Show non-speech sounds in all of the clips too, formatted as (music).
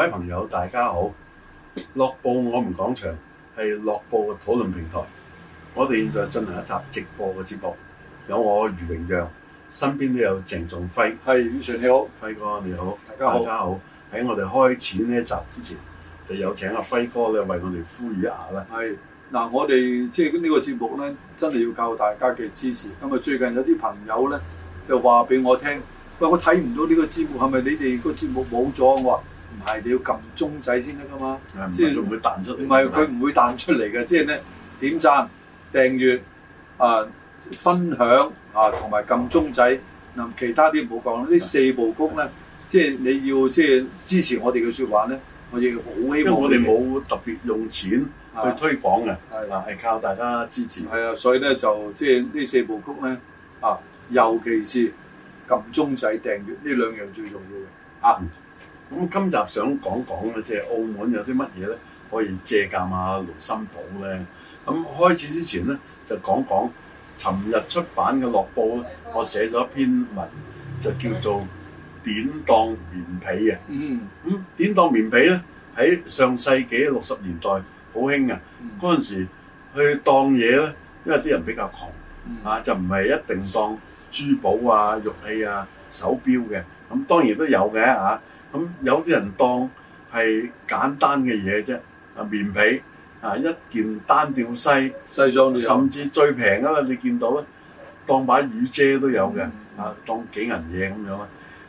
各位朋友，大家好！樂報我們講場，係樂報嘅討論平台。我哋現在進行一集直播嘅節目，有我余榮讓，身邊都有鄭仲輝。係余常你好，輝哥你好，大家好，大家好。喺我哋開始呢一集之前，就有請阿輝哥咧，為我哋呼籲一下啦。係嗱，我哋即係呢個節目咧，真係要靠大家嘅支持。咁啊，最近有啲朋友咧就話俾我聽，喂，我睇唔到呢個節目，係咪你哋個節目冇咗？我唔係，你要撳鐘仔先得噶嘛，即係唔係佢唔會彈出嚟嘅，即係咧點讚、訂閱、啊分享啊同埋撳鐘仔，嗱其他啲唔好講，呢四部曲咧，即係你要即係支持我哋嘅説話咧，我亦好希望。我哋冇特別用錢去推廣嘅，係嗱係靠大家支持。係啊，所以咧就即係呢四部曲咧啊，尤其是撳鐘仔訂閱呢兩樣最重要嘅啊。嗯咁今集想講講咧，即係澳門有啲乜嘢咧可以借鑑下盧森堡咧。咁開始之前咧，就講講尋日出版嘅《樂報》咧，我寫咗一篇文，就叫做《典當棉被》嘅。嗯。咁、嗯、典當棉被咧，喺上世紀六十年代好興㗎。嗯。嗰陣時去當嘢咧，因為啲人比較窮，嗯、啊，就唔係一定當珠寶啊、玉器啊、手錶嘅。咁、啊、當然都有嘅嚇。啊咁有啲人當係簡單嘅嘢啫，啊棉被啊一件單吊西西裝，甚至最平啊！你見到啊，當把雨遮都有嘅啊，嗯、當幾銀嘢咁樣啊。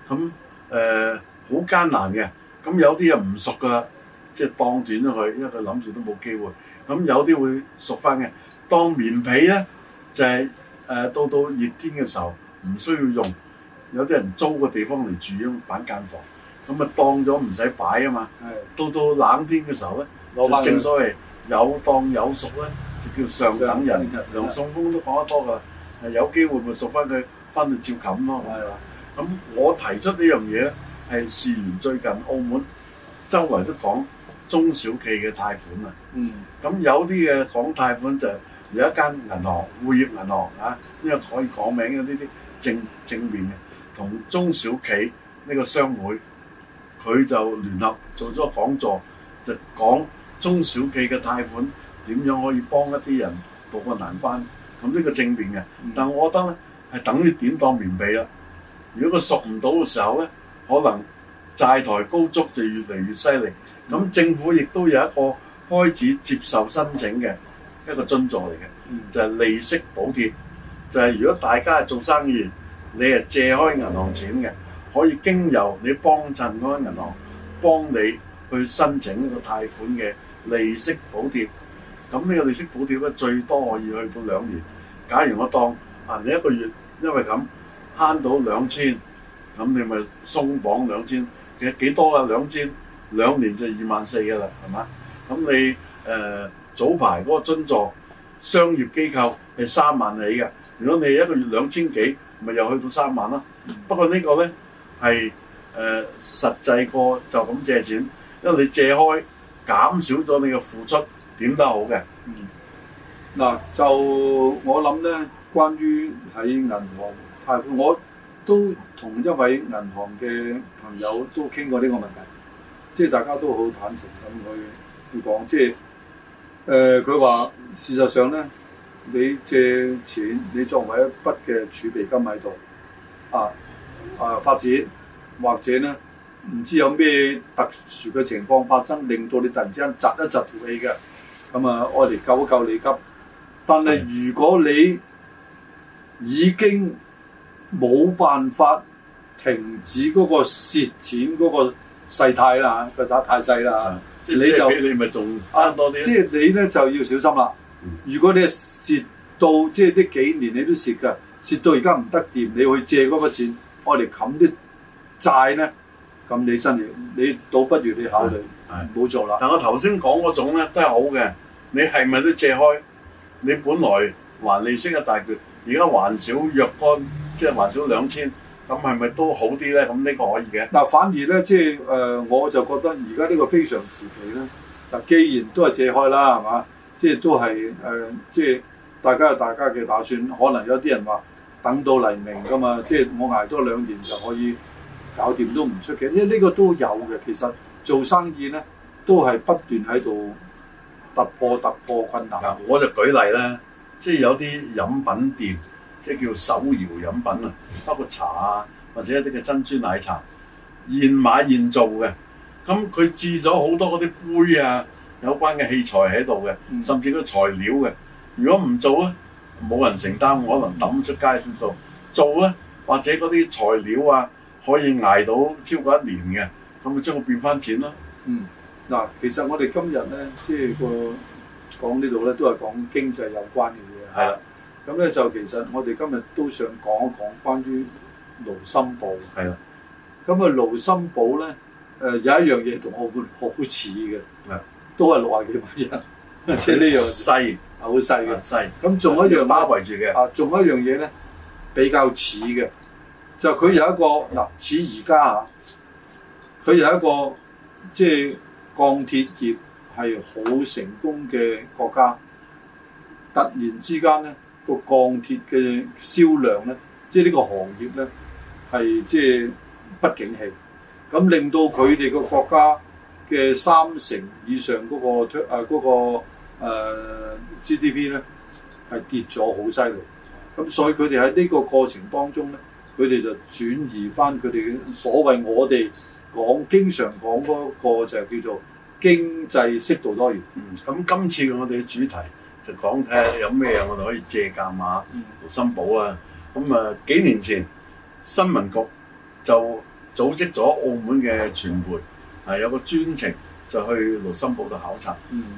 咁誒好艱難嘅。咁有啲又唔熟噶，即係當轉咗佢，因為佢諗住都冇機會。咁有啲會熟翻嘅，當棉被咧就係、是、誒、呃、到到熱天嘅時候唔需要用，有啲人租個地方嚟住咁板間房。咁咪當咗唔使擺啊嘛，的到到冷天嘅時候咧，正所謂有當有贖咧，就叫上等人嘅。梁松峯都講得多噶，係有機會咪贖翻佢，翻去照冚咯，係咁。的我提出呢樣嘢咧，係事前最近澳門周圍都講中小企嘅貸款啊，咁、嗯、有啲嘅講貸款就有一間銀行、滙業銀行啊，因為可以講名嘅呢啲正正面嘅，同中小企呢個商會。佢就聯合做咗個講座，就講中小企嘅貸款點樣可以幫一啲人渡過難關。咁呢個正面嘅，但我覺得咧係等於典當棉被啦。如果佢贖唔到嘅時候咧，可能債台高築就越嚟越犀利。咁政府亦都有一個開始接受申請嘅一個津助嚟嘅，就係、是、利息補貼。就係、是、如果大家係做生意，你係借開銀行錢嘅。可以經由你幫襯嗰間銀行幫你去申請一個貸款嘅利息補貼，咁呢個利息補貼咧，最多可以去到兩年。假如我當啊，你一個月因為咁慳到兩千，咁你咪鬆綁兩千其實幾多啊？兩千兩年就二萬四噶啦，係嘛？咁你誒早排嗰個津助商業機構係三萬起嘅，如果你一個月兩千幾，咪又去到三萬啦。不過個呢個咧～係誒、呃、實際過就咁借錢，因為你借開減少咗你嘅付出，點都好嘅。嗯，嗱就我諗咧，關於喺銀行貸款，我都同一位銀行嘅朋友都傾過呢個問題，即係大家都好坦誠咁去講，即係誒佢話事實上咧，你借錢你作為一筆嘅儲備金喺度啊。誒、啊，發展或者咧，唔知有咩特殊嘅情況發生，令到你突然之間窒一窒條氣嘅，咁啊，我哋救一救你急。但係如果你已經冇辦法停止嗰個蝕錢嗰個勢態啦吓，嗰個膽太細啦吓，即係你就你咪仲慳多啲。即係你咧就要小心啦。如果你蝕到即係呢幾年你都蝕噶，蝕到而家唔得掂，你去借嗰筆錢。我哋冚啲債咧，咁你真係，你倒不如你考慮，冇做啦。但我頭先講嗰種咧都係好嘅，你係咪都借開？你本來還利息嘅大鉸，而家還少若干，即係還少兩千，咁係咪都好啲咧？咁呢個可以嘅。嗱，反而咧，即係誒，我就覺得而家呢個非常時期咧，嗱，既然都係借開啦，係嘛，即係都係誒，即係大家有大家嘅打算，可能有啲人話。等到黎明㗎嘛，即係我捱多兩年就可以搞掂都唔出奇，因為呢個都有嘅。其實做生意咧都係不斷喺度突破突破困難。嗱，我就舉例咧，即係有啲飲品店，即係叫手搖飲品啊，包括茶啊，或者一啲嘅珍珠奶茶，現買現做嘅。咁佢置咗好多嗰啲杯啊，有關嘅器材喺度嘅，嗯、甚至個材料嘅。如果唔做咧？冇人承擔，我可能抌出街算數做咧，或者嗰啲材料啊可以捱到超過一年嘅，咁啊將佢變翻錢咯。嗯，嗱，其實我哋今日咧，即係個講呢度咧，都係講經濟有關嘅嘢。係啦的，咁咧、嗯、就其實我哋今日都想講一講關於盧森堡。係啦的，咁啊盧森堡咧，誒有一樣嘢同我澳門好似嘅，係的都係六啊幾萬人， (laughs) 即係呢樣細。西好細嘅，咁仲有一樣包圍住嘅，啊，仲有一樣嘢咧比較似嘅，就佢有一個嗱，似而家嚇，佢、啊、有一個即係、就是、鋼鐵業係好成功嘅國家，突然之間咧個鋼鐵嘅銷量咧，即係呢個行業咧係即係不景氣，咁令到佢哋個國家嘅三成以上嗰個啊嗰個。呃那個誒、uh, GDP 咧係跌咗好犀利，咁所以佢哋喺呢個過程當中咧，佢哋就轉移翻佢哋所謂我哋講經常講嗰個就叫做經濟適度多元。咁、嗯、今次我哋嘅主題就講睇下有咩我哋可以借鑑下盧森堡啊。咁啊幾年前新聞局就組織咗澳門嘅傳媒啊有個專程。就去盧森堡度考察，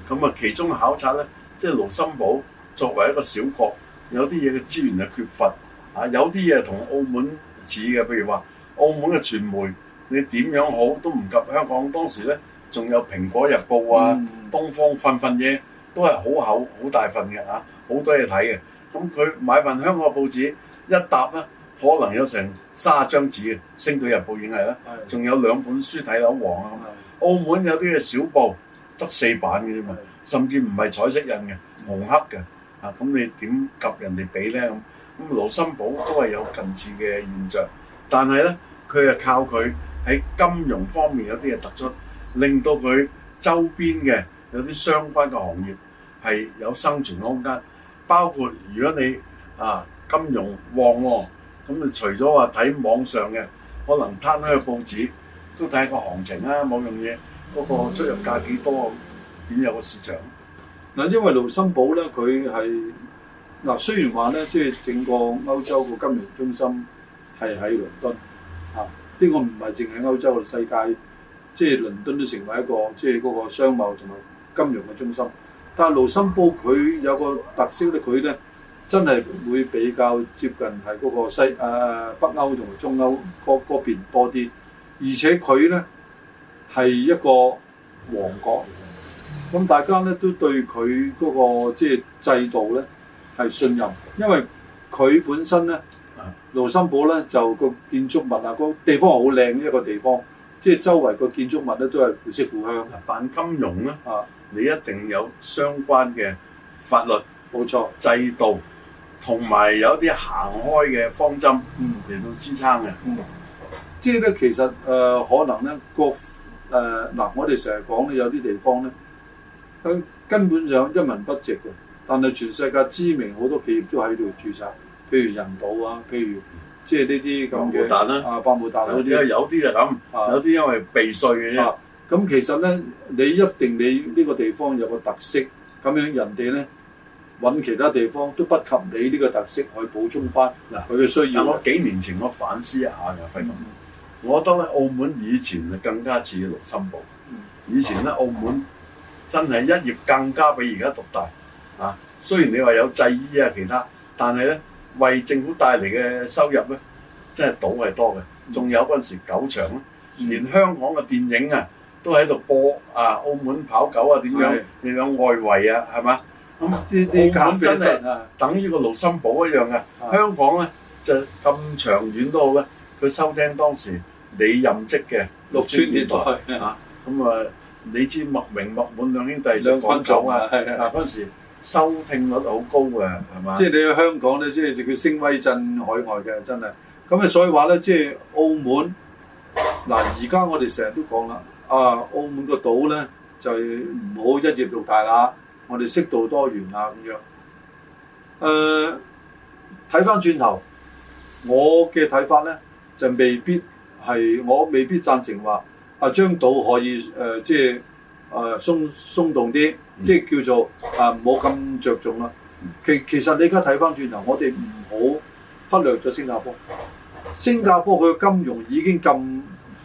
咁啊、嗯、其中考察咧，即係盧森堡作為一個小國，有啲嘢嘅資源係缺乏，啊有啲嘢同澳門似嘅，譬如話澳門嘅傳媒，你點樣好都唔及香港當時咧，仲有《蘋果日報》啊，嗯，《東方》份份嘢都係好厚、好大份嘅啊，好多嘢睇嘅。咁佢買份香港報紙一沓咧，可能有成卅張紙嘅，《星島日報》已經係啦，仲有兩本書睇到黃啊咁啊。澳門有啲嘅小報得四版嘅啫嘛，甚至唔係彩色印嘅，紅黑嘅，啊咁你點及人哋比咧咁？咁盧森堡都係有近似嘅現象，但係咧佢係靠佢喺金融方面有啲嘢突出，令到佢周邊嘅有啲相關嘅行業係有生存空間，包括如果你啊金融旺喎，咁你除咗話睇網上嘅，可能攤開個報紙。都睇個行情啦，啊，冇用嘢嗰個出入價幾多，多，先有個市場。嗱，因為盧森堡咧，佢係嗱，雖然話咧，即、就、係、是、整個歐洲個金融中心係喺倫敦啊，呢個唔係淨係歐洲嘅世界，即係倫敦都成為一個即係嗰個商貿同埋金融嘅中心。但係盧森堡佢有個特色咧，佢咧真係會比較接近係嗰個西誒、呃、北歐同埋中歐嗰嗰邊多啲。而且佢咧係一個王國，咁大家咧都對佢嗰個即係制度咧係信任，因為佢本身咧盧森堡咧就個建築物啊，嗰、那個、地方好靚嘅一個地方，即係周圍個建築物咧都係古色古香。辦金融咧，啊、你一定有相關嘅法律、冇錯制度，同埋有啲行開嘅方針嚟、嗯、到支撐嘅。嗯即係咧，其實誒、呃、可能咧，個誒嗱，我哋成日講咧，有啲地方咧，佢根本上一文不值嘅。但係全世界知名好多企業都喺度註冊，譬如人保啊，譬如即係呢啲咁嘅啊百慕達啲，有啲就咁，啊、有啲因為避稅嘅嘢。咁、啊、其實咧，你一定你呢個地方有個特色，咁樣人哋咧揾其他地方都不及你呢個特色去補充翻嗱佢嘅需要。幾年前我反思一下嘅，費事。我覺得澳門以前啊更加似盧森堡，以前咧澳門真係一業更加比而家獨大啊！雖然你話有製衣啊其他，但係咧為政府帶嚟嘅收入咧，真係賭係多嘅，仲有嗰陣時狗場啊，嗯、連香港嘅電影啊都喺度播啊，澳門跑狗啊點樣又有的外圍啊係嘛？咁啲、嗯、澳門真係等於個盧森堡一樣嘅，香港咧就咁長遠都好啦，佢收聽當時。你任職嘅六千年代嚇、啊，咁、嗯、啊、嗯，你知麥名麥滿兩兄弟都講咗啊，嗱嗰陣時收聽率好高嘅、啊，係嘛的吧？即係你去香港咧，即係就叫聲威震海外嘅，真係。咁啊，所以話咧，即係澳門嗱，而、啊、家我哋成日都講啦，啊，澳門個島咧就唔、是、好一業獨大啦，我哋適度多元啊咁樣。誒、呃，睇翻轉頭，我嘅睇法咧就未必。係我未必贊成話，阿、啊、張島可以誒、呃，即係誒、呃、鬆鬆動啲，即係叫做唔好咁着重啦。其其實你而家睇翻轉頭，我哋唔好忽略咗新加坡。新加坡佢嘅金融已經咁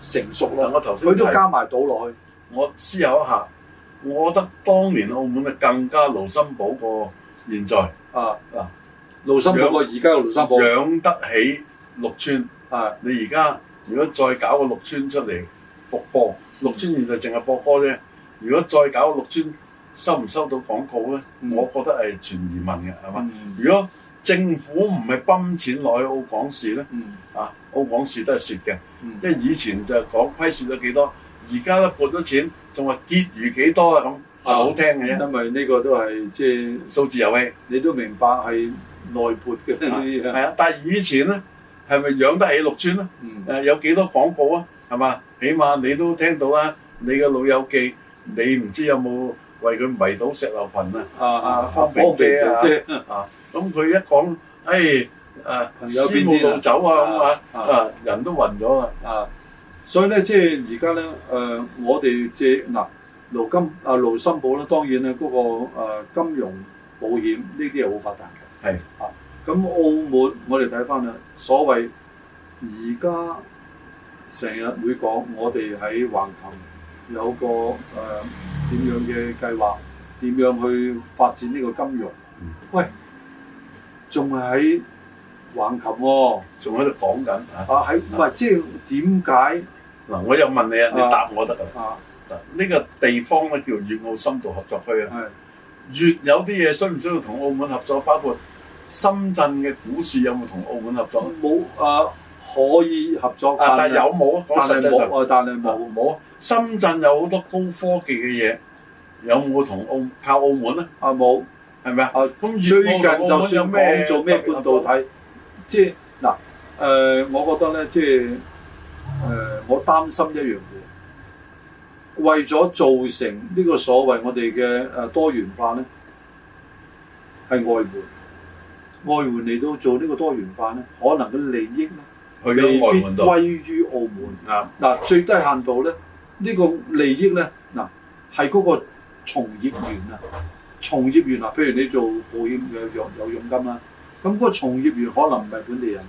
成熟啦，我頭先佢都加埋島落去。我思考一下，我覺得當年澳門咪更加盧森堡過現在啊，嗱，盧森堡過而家嘅盧森堡，養得起六寸啊！你而家如果再搞個六村出嚟復播，六村現在淨係播歌啫。如果再搞六村，收唔收到廣告咧？嗯、我覺得係全移民嘅，係嘛？嗯、如果政府唔係泵錢落去澳港市咧，啊，澳港市都係蝕嘅，即係以前就係講虧蝕咗幾多，而家都撥咗錢，仲話結餘幾多啊？咁啊，好聽嘅，因為呢個都係即係數字遊戲，你都明白係內撥嘅，係啊、嗯。但係以前咧。係咪養得起六村咯？誒，有幾多廣告啊？係嘛？起碼你都聽到有有啊，你個老友記，你唔知有冇為佢迷倒石榴群啊？啊啊，方便啫啊！咁佢一講，朋友絲無路走啊咁啊，嗯、啊人都暈咗啊，啊！所以咧，即係而家咧，誒、呃、我哋借嗱、呃、盧金啊盧森堡啦，當然咧嗰個金融保險呢啲係好發達嘅。係。嗯啊咁澳門，我哋睇翻啦。所謂而家成日會講，我哋喺橫琴有個誒點、呃、樣嘅計劃，點樣去發展呢個金融？喂，仲係喺橫琴喎、哦，仲喺度講緊啊？喺唔係即係點解？嗱、啊，我又問你，你啊，你答我得啦。啊，呢個地方咧叫粵澳深度合作區啊。係的，粵有啲嘢需唔需要同澳門合作？包括？深圳嘅股市有冇同澳門合作？冇啊，可以合作，但係有冇？但係冇啊，但係冇冇。深圳有好多高科技嘅嘢，有冇同澳靠澳門咧？啊，冇，係咪啊？最近就算有咩做咩半導體，即係嗱，誒，我覺得咧，即係誒，我擔心一樣嘢，為咗造成呢個所謂我哋嘅誒多元化咧，係外援。外援嚟到做呢個多元化咧，可能嘅利益咧未必歸於澳門。嗱、啊啊，最低限度咧，呢、呢個利益咧，嗱係嗰個從業員啊，從、嗯、從業員啊，譬如你做保險嘅有有佣金啦，咁嗰個從業員可能唔係本地人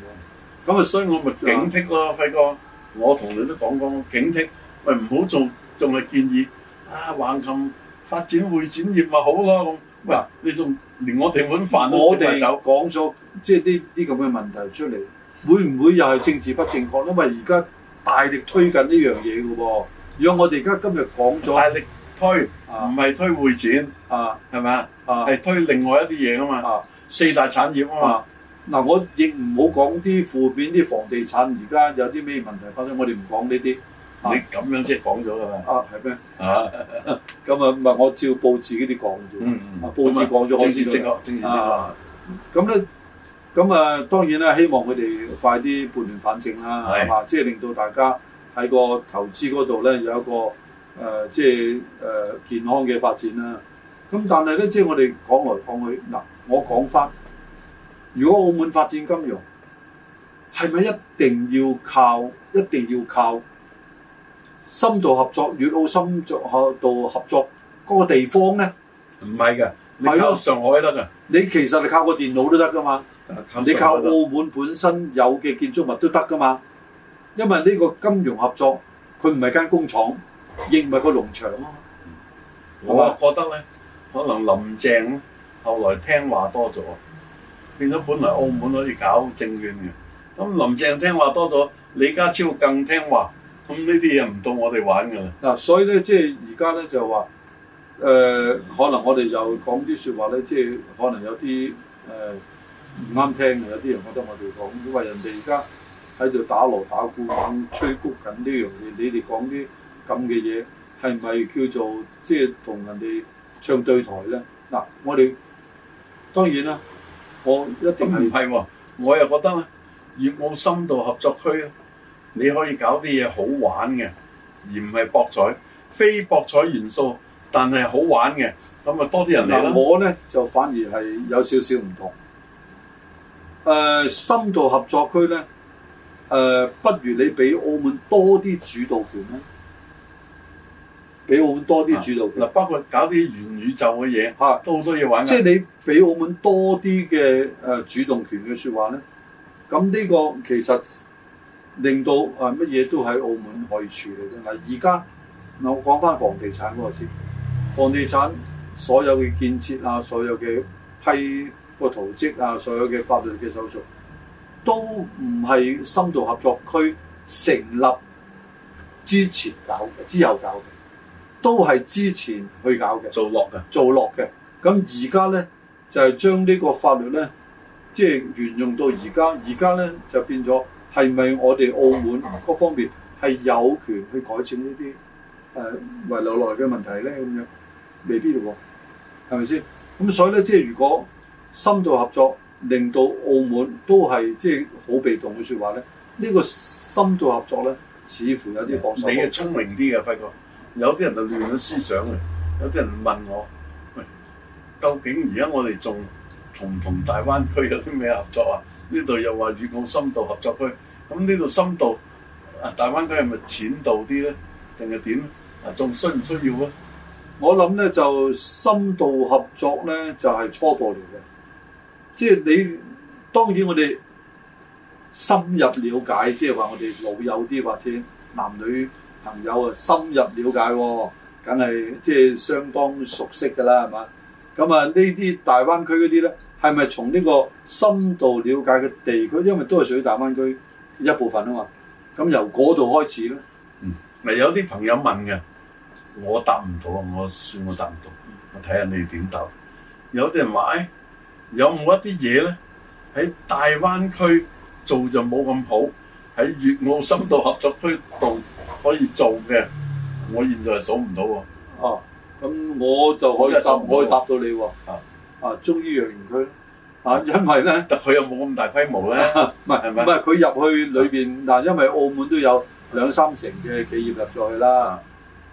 喎，咁啊，所以我咪警惕咯，輝哥，啊、我同你都講講警惕，喂唔好做，仲係建議啊橫琴發展會展業咪好咯咁，喂，你仲。啊連我哋碗飯都，我哋就講咗，即係呢啲咁嘅問題出嚟，會唔會又係政治不正確？因為而家大力推緊呢樣嘢嘅喎。如果我哋而家今日講咗大力推，唔係、啊、推會展，係咪啊？係吧、啊、推另外一啲嘢啊嘛。四大產業啊嘛。嗱、啊，我亦唔好講啲負面啲房地產，而家有啲咩問題發生，我哋唔講呢啲。啊、你咁樣即係講咗㗎啦，啊係咩？嚇，咁啊唔係、啊、我照報紙嗰啲講咗，嗯嗯，報紙講咗開始咗，啊，咁咧，咁啊當然啦，希望佢哋快啲撥亂反正啦，係嘛，即係令到大家喺個投資嗰度咧有一個誒即係誒健康嘅發展啦。咁但係咧，即係我哋講來講去嗱，我講翻，如果澳門發展金，金融，係咪一定要靠？一定要靠？深度合作粵澳深度合作嗰個地方咧，唔係嘅，係咯，上海得嘅。你其實你靠個電腦都得噶嘛，你靠澳門本身有嘅建築物都得噶嘛。因為呢個金融合作，佢唔係間工廠，亦唔係個農場咯。我覺得咧，可能林鄭後來聽話多咗，變咗本來澳門可以搞證券嘅，咁林鄭聽話多咗，李家超更聽話。咁呢啲嘢唔到我哋玩噶啦。嗱，所以咧，即係而家咧就話，誒、呃，嗯、可能我哋又講啲説話咧，即係可能有啲誒唔啱聽嘅，有啲人覺得我哋講，因為人哋而家喺度打鑼打鼓咁吹谷緊呢樣嘢，你哋講啲咁嘅嘢，係咪叫做即係同人哋唱對台咧？嗱，我哋當然啦，我一定唔係喎，是我又覺得粵澳深度合作區。你可以搞啲嘢好玩嘅，而唔係博彩，非博彩元素，但係好玩嘅，咁啊多啲人嚟啦。嗱，我咧就反而係有少少唔同。誒、呃、深度合作區咧，誒、呃、不如你俾澳門多啲主導權咧，俾澳門多啲主導權。嗱、啊，包括搞啲元宇宙嘅嘢，啊、都多好多嘢玩。即係你俾澳門多啲嘅誒主動權嘅説話咧，咁呢個其實。令到誒乜嘢都喺澳門可以處理嘅。而家嗱，我講翻房地產嗰個事，房地產所有嘅建設啊，所有嘅批個圖則啊，所有嘅法律嘅手續，都唔係深度合作區成立之前搞、之後搞，都係之前去搞嘅。做落嘅，做落嘅。咁而家咧就係將呢個法律咧，即係沿用到而家，而家咧就變咗。係咪我哋澳門各方面係有權去改善呢啲誒遺留來嘅問題咧？咁樣未必喎、啊，係咪先？咁所以咧，即係如果深度合作令到澳門都係即係好被動嘅説話咧，呢、這個深度合作咧，似乎有啲放鬆。你嘅聰明啲嘅，輝哥，有啲人就亂咗思想嘅，有啲人問我：喂，究竟而家我哋仲同唔同大灣區有啲咩合作啊？呢度又話粵澳深度合作區。咁呢度深度啊，大灣區係咪淺度啲咧？定係點啊？仲需唔需要啊？我諗咧就深度合作咧，就係初步嚟嘅。即係你當然我哋深入了解，即係話我哋老友啲或者男女朋友啊，深入了解喎，梗係即係相當熟悉噶啦，係嘛？咁啊呢啲大灣區嗰啲咧，係咪從呢個深度了解嘅地區？因為都係屬於大灣區。一部分啊嘛，咁由嗰度開始咧。嗯，咪有啲朋友問嘅，我答唔到啊，我算我答唔到，我睇下你點答。有啲人話咧，有冇一啲嘢咧，喺大灣區做就冇咁好，喺粵澳深度合作區度可以做嘅，我現在係數唔到喎。哦、啊，咁我就可以答，唔可以答到你喎。啊啊，中醫藥園區。啊，因為咧，佢又冇咁大規模咧，唔係係咪，唔係佢入去裏邊嗱，因為澳門都有兩三成嘅企業入咗去啦。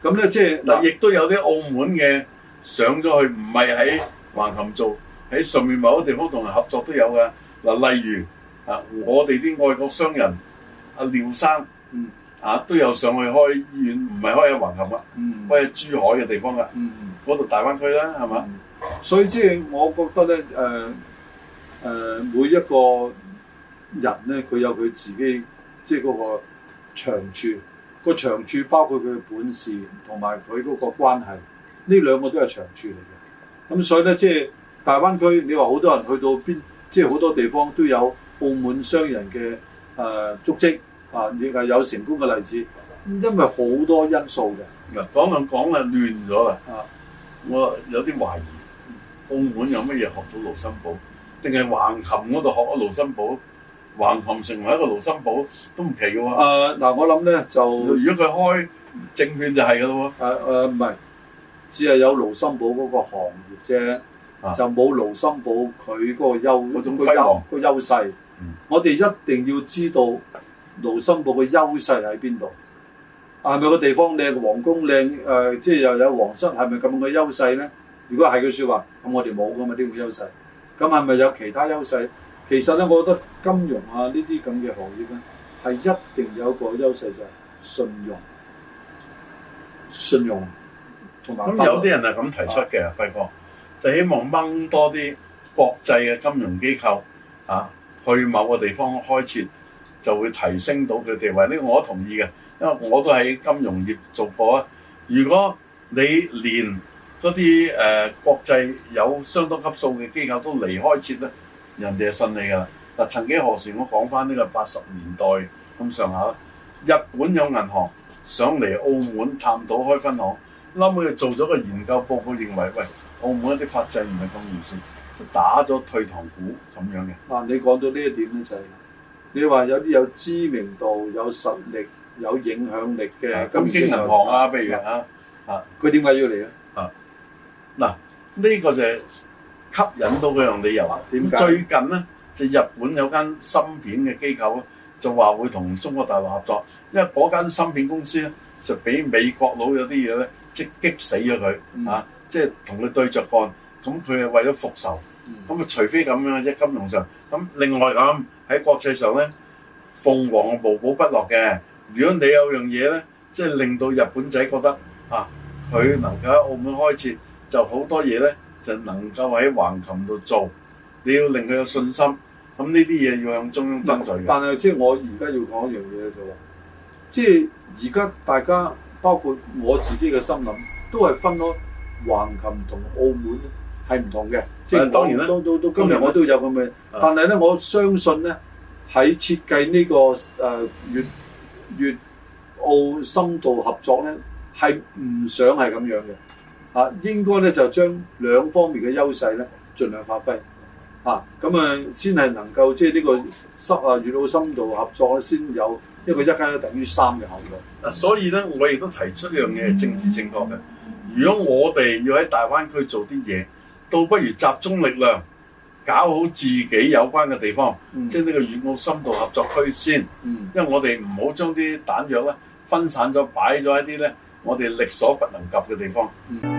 咁咧即係嗱，亦都有啲澳門嘅上咗去，唔係喺橫琴做，喺上面某啲地方同人合作都有噶。嗱，例如啊，我哋啲外國商人啊，廖生嗯啊，都有上去開醫院，唔係開喺橫琴啊，開喺珠海嘅地方噶，嗰度大灣區啦，係嘛？所以即係我覺得咧，誒。誒每一個人咧，佢有佢自己，即係嗰個長處。個長處包括佢嘅本事，同埋佢嗰個關係。呢兩個都係長處嚟嘅。咁所以咧，即係大灣區，你話好多人去到邊，即係好多地方都有澳門商人嘅誒足跡啊，亦係有成功嘅例子。因為好多因素嘅，講嚟講係亂咗啦。啊，我有啲懷疑，澳門有乜嘢學到盧森堡？定係橫琴嗰度學個盧森堡，橫琴成為一個盧森堡都唔奇嘅喎。嗱、呃，我諗咧就，如果佢開證券就係嘅咯喎。誒唔係，只係有盧森堡嗰個行業啫，啊、就冇盧森堡佢嗰個優嗰種輝煌個優勢。嗯、我哋一定要知道盧森堡嘅優勢喺邊度，係咪個地方靚、皇宮靚誒，即係又有皇室，係咪咁嘅優勢咧？如果係佢説話，咁我哋冇嘅嘛啲咁嘅優勢。咁係咪有其他優勢？其實咧，我覺得金融啊呢啲咁嘅行業咧，係一定有一個優勢就係、係、信用、信用同埋。咁有啲人係咁提出嘅，輝哥、啊啊、就希望掹多啲國際嘅金融機構啊去某個地方開設，就會提升到佢地位。呢個我同意嘅，因為我都喺金融業做過啊。如果你連嗰啲誒國際有相當級數嘅機構都離開設啦，人哋就信你噶啦。嗱、呃，曾經何時我講翻呢個八十年代咁上下，日本有銀行想嚟澳門探討開分行，冧佢做咗個研究報告，認為喂，澳門一啲法制唔係咁完善，就打咗退堂鼓咁樣嘅。嗱、啊，你講到呢一點咧就係、是，你話有啲有知名度、有實力、有影響力嘅，金經銀行啊，譬如啊，佢點解要嚟咧？嗱，呢個就係吸引到嗰樣理由。點解？咁最近咧，就日本有間芯片嘅機構咧，就話會同中國大陸合作。因為嗰間芯片公司咧，就俾美國佬有啲嘢咧，即係激死咗佢嚇，即係同佢對著幹。咁佢係為咗復仇。咁啊，除非咁樣啫，金融上。咁另外咁喺國際上咧，鳳凰無寶不落嘅。如果你有樣嘢咧，即係令到日本仔覺得嚇，佢能夠喺澳門開設。就好多嘢咧，就能夠喺橫琴度做。你要令佢有信心，咁呢啲嘢要向中央爭取嘅。但係即係我而家要講一樣嘢就話，是，即係而家大家包括我自己嘅心諗，都係分開橫琴同澳門係唔同嘅。但即係我當然啦。到到到今日我都有咁嘅，呢但係咧我相信咧喺設計呢，這個誒粵粵澳深度合作咧，係唔想係咁樣嘅。啊，應該咧就將兩方面嘅優勢咧，盡量發揮嚇，咁啊，啊先係能夠即係呢個深啊粵澳深度合作先有一個一加一等於三嘅效果。啊、嗯，所以咧我亦都提出一樣嘢，政治正確嘅。如果我哋要喺大灣區做啲嘢，倒不如集中力量搞好自己有關嘅地方，嗯、即係呢個粵澳深度合作區先。嗯、因為我哋唔好將啲彈藥咧分散咗擺咗喺啲咧，我哋力所不能及嘅地方。嗯